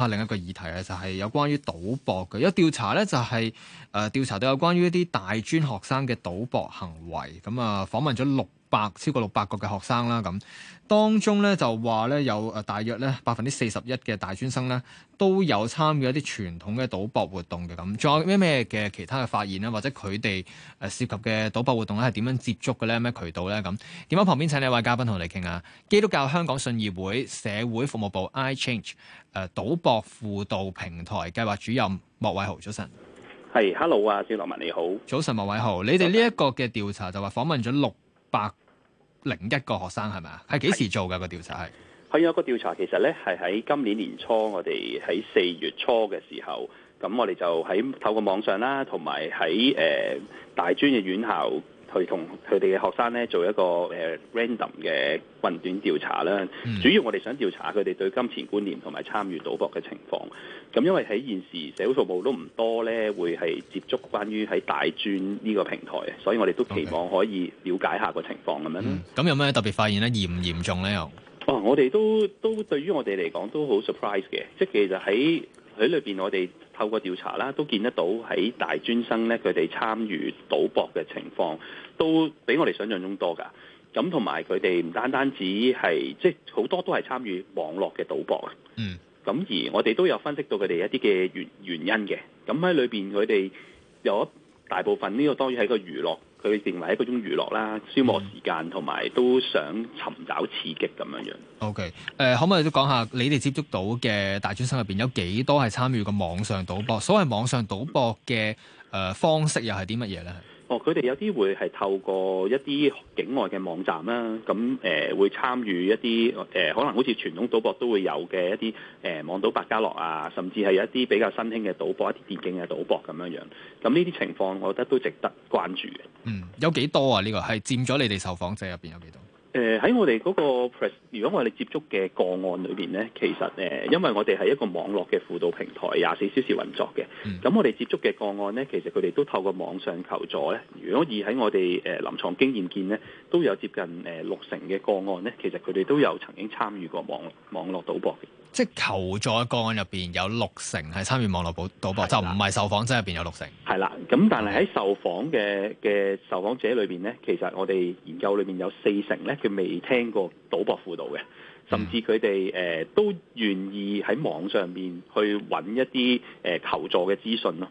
下另一個議題咧就係、是、有關於賭博嘅有調查咧，就係誒調查到有關於一啲大專學生嘅賭博行為，咁啊訪問咗六。百超過六百個嘅學生啦，咁當中咧就話咧有誒大約咧百分之四十一嘅大專生咧都有參與一啲傳統嘅賭博活動嘅，咁，仲有咩咩嘅其他嘅發現呢？或者佢哋誒涉及嘅賭博活動咧係點樣接觸嘅咧？咩渠道咧？咁點解旁邊請你位嘉賓同我哋傾下？基督教香港信義會社會服務部 i-Change 誒賭博輔導平台計劃主任莫偉豪，早晨。係，hey, hello 啊，小羅文你好。早晨，莫偉豪，早晨。你哋呢一個嘅調查就話訪問咗六。百零一個學生係咪啊？係幾時做嘅個調查係？係有個調查，其實咧係喺今年年初，我哋喺四月初嘅時候，咁我哋就喺透過網上啦，同埋喺誒大專嘅院校。去同佢哋嘅學生咧做一個誒 random 嘅問卷調查啦，嗯、主要我哋想調查佢哋對金錢觀念同埋參與賭博嘅情況。咁因為喺現時社會服務都唔多咧，會係接觸關於喺大專呢個平台，所以我哋都期望可以了解下個情況咁樣。咁、嗯、有咩特別發現咧？嚴唔嚴重咧？又？啊，我哋都都對於我哋嚟講都好 surprise 嘅，即係其實喺喺裏邊我哋。透過調查啦，都見得到喺大專生咧，佢哋參與賭博嘅情況都比我哋想像中多㗎。咁同埋佢哋唔單單止係即係好多都係參與網絡嘅賭博。嗯。咁而我哋都有分析到佢哋一啲嘅原原因嘅。咁喺裏邊佢哋有一大部分呢個當然係一個娛樂。佢認為係一種娛樂啦、消磨時間，同埋都想尋找刺激咁樣樣。OK，誒、呃，可唔可以都講下你哋接觸到嘅大專生入邊有幾多係參與過網上賭博？所謂網上賭博嘅誒、呃、方式又係啲乜嘢咧？哦，佢哋有啲會係透過一啲境外嘅網站啦，咁、啊、誒、呃、會參與一啲誒、呃，可能好似傳統賭博都會有嘅一啲誒、呃、網賭百家樂啊，甚至係有一啲比較新興嘅賭博，一啲電競嘅賭博咁樣樣。咁呢啲情況，我覺得都值得關注嘅。嗯，有幾多啊？呢、這個係佔咗你哋受訪者入邊有幾多？誒喺、呃、我哋嗰個 press，如果我哋接觸嘅個案裏邊呢，其實誒、呃、因為我哋係一個網絡嘅輔導平台，廿四小時運作嘅，咁我哋接觸嘅個案呢，其實佢哋都透過網上求助呢。如果以喺我哋誒、呃、臨床經驗見呢，都有接近誒、呃、六成嘅個案呢，其實佢哋都有曾經參與過網網絡賭博嘅。即係求助個案入邊有六成係參與網絡賭賭博，的就唔係受訪者入邊有六成。係啦，咁但係喺受訪嘅嘅受訪者裏邊咧，其實我哋研究裏邊有四成咧，佢未聽過賭博輔導嘅，甚至佢哋誒都願意喺網上邊去揾一啲誒、呃、求助嘅資訊咯。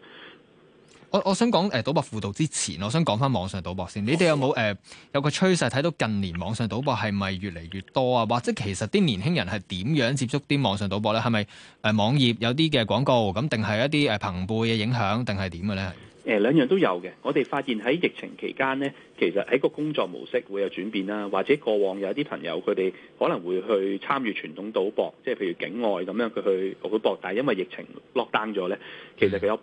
我我想講誒賭博輔導之前，我想講返網上賭博先。你哋有冇誒有、呃、有個趨勢睇到近年網上賭博係咪越嚟越多啊？或者其實啲年輕人係點樣接觸啲網上賭博咧？係咪誒網頁有啲嘅廣告咁，定係一啲誒朋輩嘅影響，定係點嘅咧？誒兩樣都有嘅。我哋發現喺疫情期間咧，其實喺個工作模式會有轉變啦，或者過往有啲朋友佢哋可能會去參與傳統賭博，即係譬如境外咁樣佢去去博大，但係因為疫情落單咗咧，其實佢有。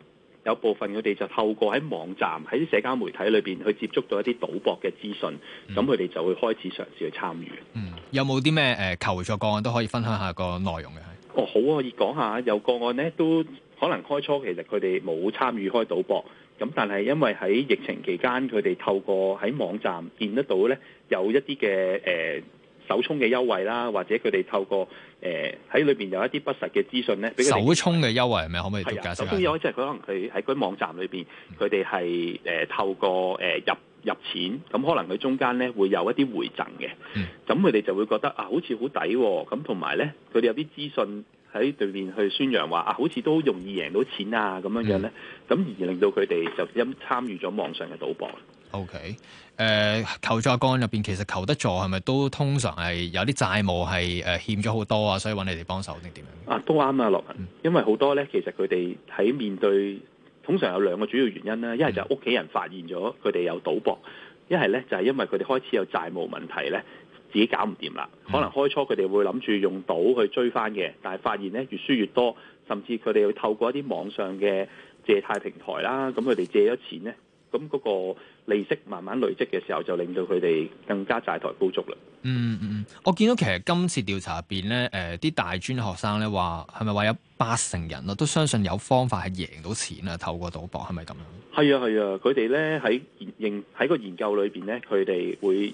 有部分佢哋就透過喺網站、喺啲社交媒體裏邊去接觸到一啲賭博嘅資訊，咁佢哋就會開始嘗試去參與。嗯，有冇啲咩誒求助個案都可以分享下個內容嘅？哦，好啊，可以講下有個案呢，都可能開初其實佢哋冇參與開賭博，咁但係因為喺疫情期間，佢哋透過喺網站見得到呢，有一啲嘅誒。呃首充嘅優惠啦，或者佢哋透過誒喺裏邊有一啲不實嘅資訊咧，首充嘅優惠，係咪可唔可以再解首充優惠？即佢可能佢喺嗰啲網站裏邊，佢哋係誒透過誒、呃、入入錢，咁可能佢中間咧會有一啲回贈嘅。咁佢哋就會覺得啊，好似好抵喎。咁同埋咧，佢哋有啲資訊喺對面去宣揚話啊，好似都容易贏到錢啊咁樣樣咧。咁、嗯、而令到佢哋就咁參與咗網上嘅賭博。O K，誒求助案入邊，其實求得助係咪都通常係有啲債務係誒、呃、欠咗好多啊，所以揾你哋幫手定點樣？啊，都啱啊，洛文，嗯、因為好多咧，其實佢哋喺面對通常有兩個主要原因啦，一係就屋企人發現咗佢哋有賭博，一係咧就係、是、因為佢哋開始有債務問題咧，自己搞唔掂啦，可能開初佢哋會諗住用賭去追翻嘅，但係發現咧越輸越多，甚至佢哋會透過一啲網上嘅借貸平台啦，咁佢哋借咗錢咧。咁嗰個利息慢慢累積嘅時候，就令到佢哋更加債台高築啦。嗯嗯嗯，我見到其實今次調查入邊咧，誒、呃、啲大專學生咧話，係咪話有八成人啊都相信有方法係贏到錢啊？透過賭博係咪咁樣？係啊係啊，佢哋咧喺認喺個研究裏邊咧，佢哋會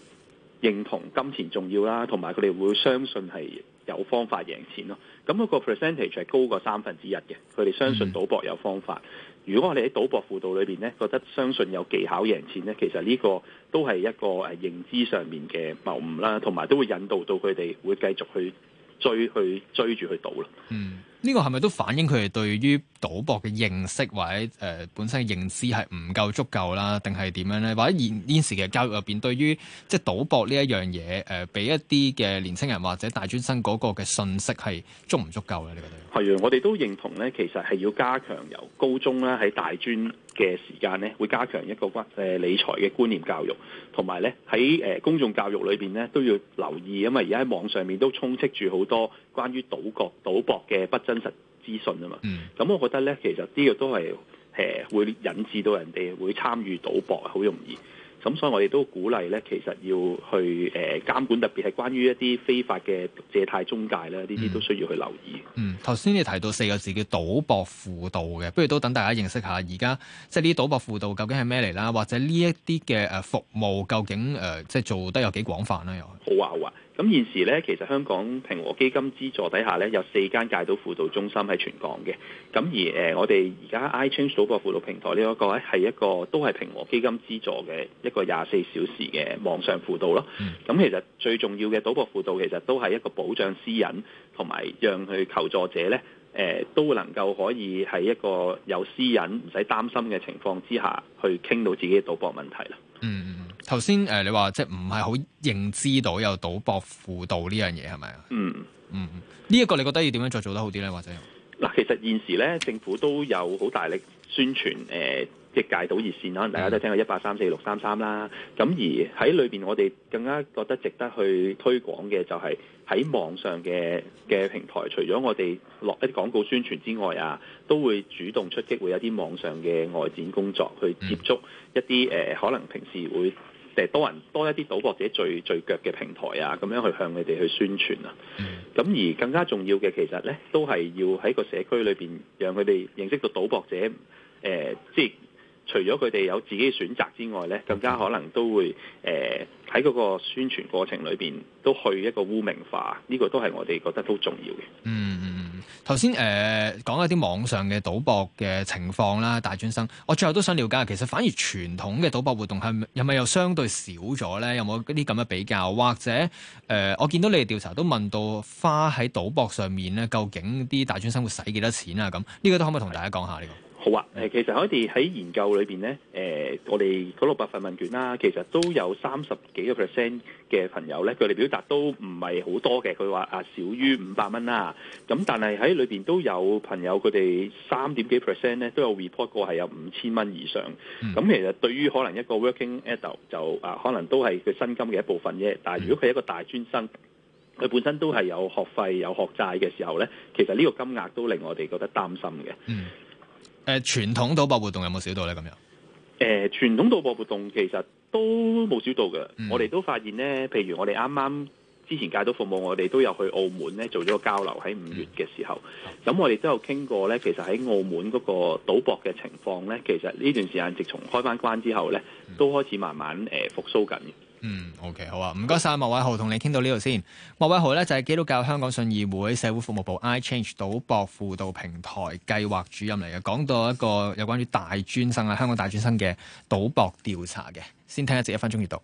認同金錢重要啦，同埋佢哋會相信係。有方法贏錢咯，咁、那、嗰個 percentage 係高過三分之一嘅，佢哋相信賭博有方法。如果我哋喺賭博輔導裏邊咧，覺得相信有技巧贏錢咧，其實呢個都係一個誒認知上面嘅謬誤啦，同埋都會引導到佢哋會繼續去追、去追住去賭啦。嗯。呢個係咪都反映佢哋對於賭博嘅認識，或者誒、呃、本身嘅認知係唔夠足夠啦，定係點樣咧？或者現呢時嘅教育入邊，對於即係賭博呢一樣嘢，誒、呃、俾一啲嘅年輕人或者大專生嗰個嘅信息係足唔足夠咧？呢個係啊，我哋都認同咧，其實係要加強由高中啦，喺大專嘅時間咧，會加強一個關誒理財嘅觀念教育，同埋咧喺誒公眾教育裏邊咧都要留意，因為而家喺網上面都充斥住好多關於賭博賭博嘅不真真實資訊啊嘛，咁我覺得咧，嗯、其實呢個都係誒會引致到人哋會參與賭博，好容易。咁所以我哋都鼓勵咧，其實要去誒監、呃、管，特別係關於一啲非法嘅借貸中介咧，呢啲都需要去留意。嗯，頭、嗯、先你提到四個字叫賭博輔導嘅，不如都等大家認識下，而家即係呢啲「賭博輔導」究竟係咩嚟啦？或者呢一啲嘅誒服務，究竟誒、呃、即係做得有幾廣泛咧？又好啊，好、啊。咁現時咧，其實香港平和基金資助底下咧，有四間戒賭輔導中心喺全港嘅。咁而誒，我哋而家 i-Change 賭博輔導平台呢、這、一個咧，係一個都係平和基金資助嘅一個廿四小時嘅網上輔導咯。咁、嗯、其實最重要嘅賭博輔導，其實都係一個保障私隱，同埋讓佢求助者咧，誒、呃、都能夠可以喺一個有私隱、唔使擔心嘅情況之下，去傾到自己嘅賭博問題啦。嗯。頭先誒你話即係唔係好認知到有賭博輔導呢樣嘢係咪啊？嗯嗯，呢一、嗯呢個你覺得要點樣再做得好啲咧？或者嗱，其實現時咧，政府都有好大力宣傳誒、呃，即係戒賭熱線，可能大家都聽過一八三四六三三啦。咁而喺裏邊，我哋更加覺得值得去推廣嘅就係喺網上嘅嘅平台，除咗我哋落一啲廣告宣傳之外啊，都會主動出擊，會有啲網上嘅外展工作去接觸一啲誒、嗯呃，可能平時會。多人多一啲賭博者聚聚腳嘅平台啊，咁樣去向佢哋去宣傳啊。咁、mm hmm. 而更加重要嘅其實呢，都係要喺個社區裏邊，讓佢哋認識到賭博者誒，即、呃、係、就是、除咗佢哋有自己嘅選擇之外呢更加可能都會誒喺嗰個宣傳過程裏邊都去一個污名化，呢、呢個都係我哋覺得都重要嘅。嗯嗯、mm。Hmm. 頭先誒講一啲網上嘅賭博嘅情況啦，大專生，我最後都想了解下，其實反而傳統嘅賭博活動係唔係咪又相對少咗咧？有冇啲咁嘅比較？或者誒、呃，我見到你哋調查都問到花喺賭博上面咧，究竟啲大專生會使幾多錢啊？咁呢個都可唔可以同大家講下呢個？好啊，誒，其實我哋喺研究裏邊咧，誒、呃，我哋嗰六百份問卷啦，其實都有三十幾個 percent 嘅朋友咧，佢哋表達都唔係好多嘅，佢話啊少於五百蚊啦。咁但係喺裏邊都有朋友，佢哋三點幾 percent 咧都有 report 過係有五千蚊以上。咁其實對於可能一個 working adult 就啊、呃，可能都係佢薪金嘅一部分啫。但係如果佢係一個大專生，佢本身都係有學費有學債嘅時候咧，其實呢個金額都令我哋覺得擔心嘅。誒，傳統賭博活動有冇少到咧？咁樣，誒，傳統賭博活動其實都冇少到嘅。嗯、我哋都發現咧，譬如我哋啱啱之前戒毒服務，我哋都有去澳門咧做咗個交流，喺五月嘅時候，咁、嗯、我哋都有傾過咧。其實喺澳門嗰個賭博嘅情況咧，其實呢段時間直從開返關之後咧，都開始慢慢誒、呃、復甦緊。嗯，OK，好啊，唔該晒。莫偉豪同你傾到呢度先。莫偉豪呢，就係、是、基督教香港信義會社會服務部 iChange 賭博輔導平台計劃主任嚟嘅。講到一個有關於大專生啊，香港大專生嘅賭博調查嘅，先聽一節一分鐘閱讀。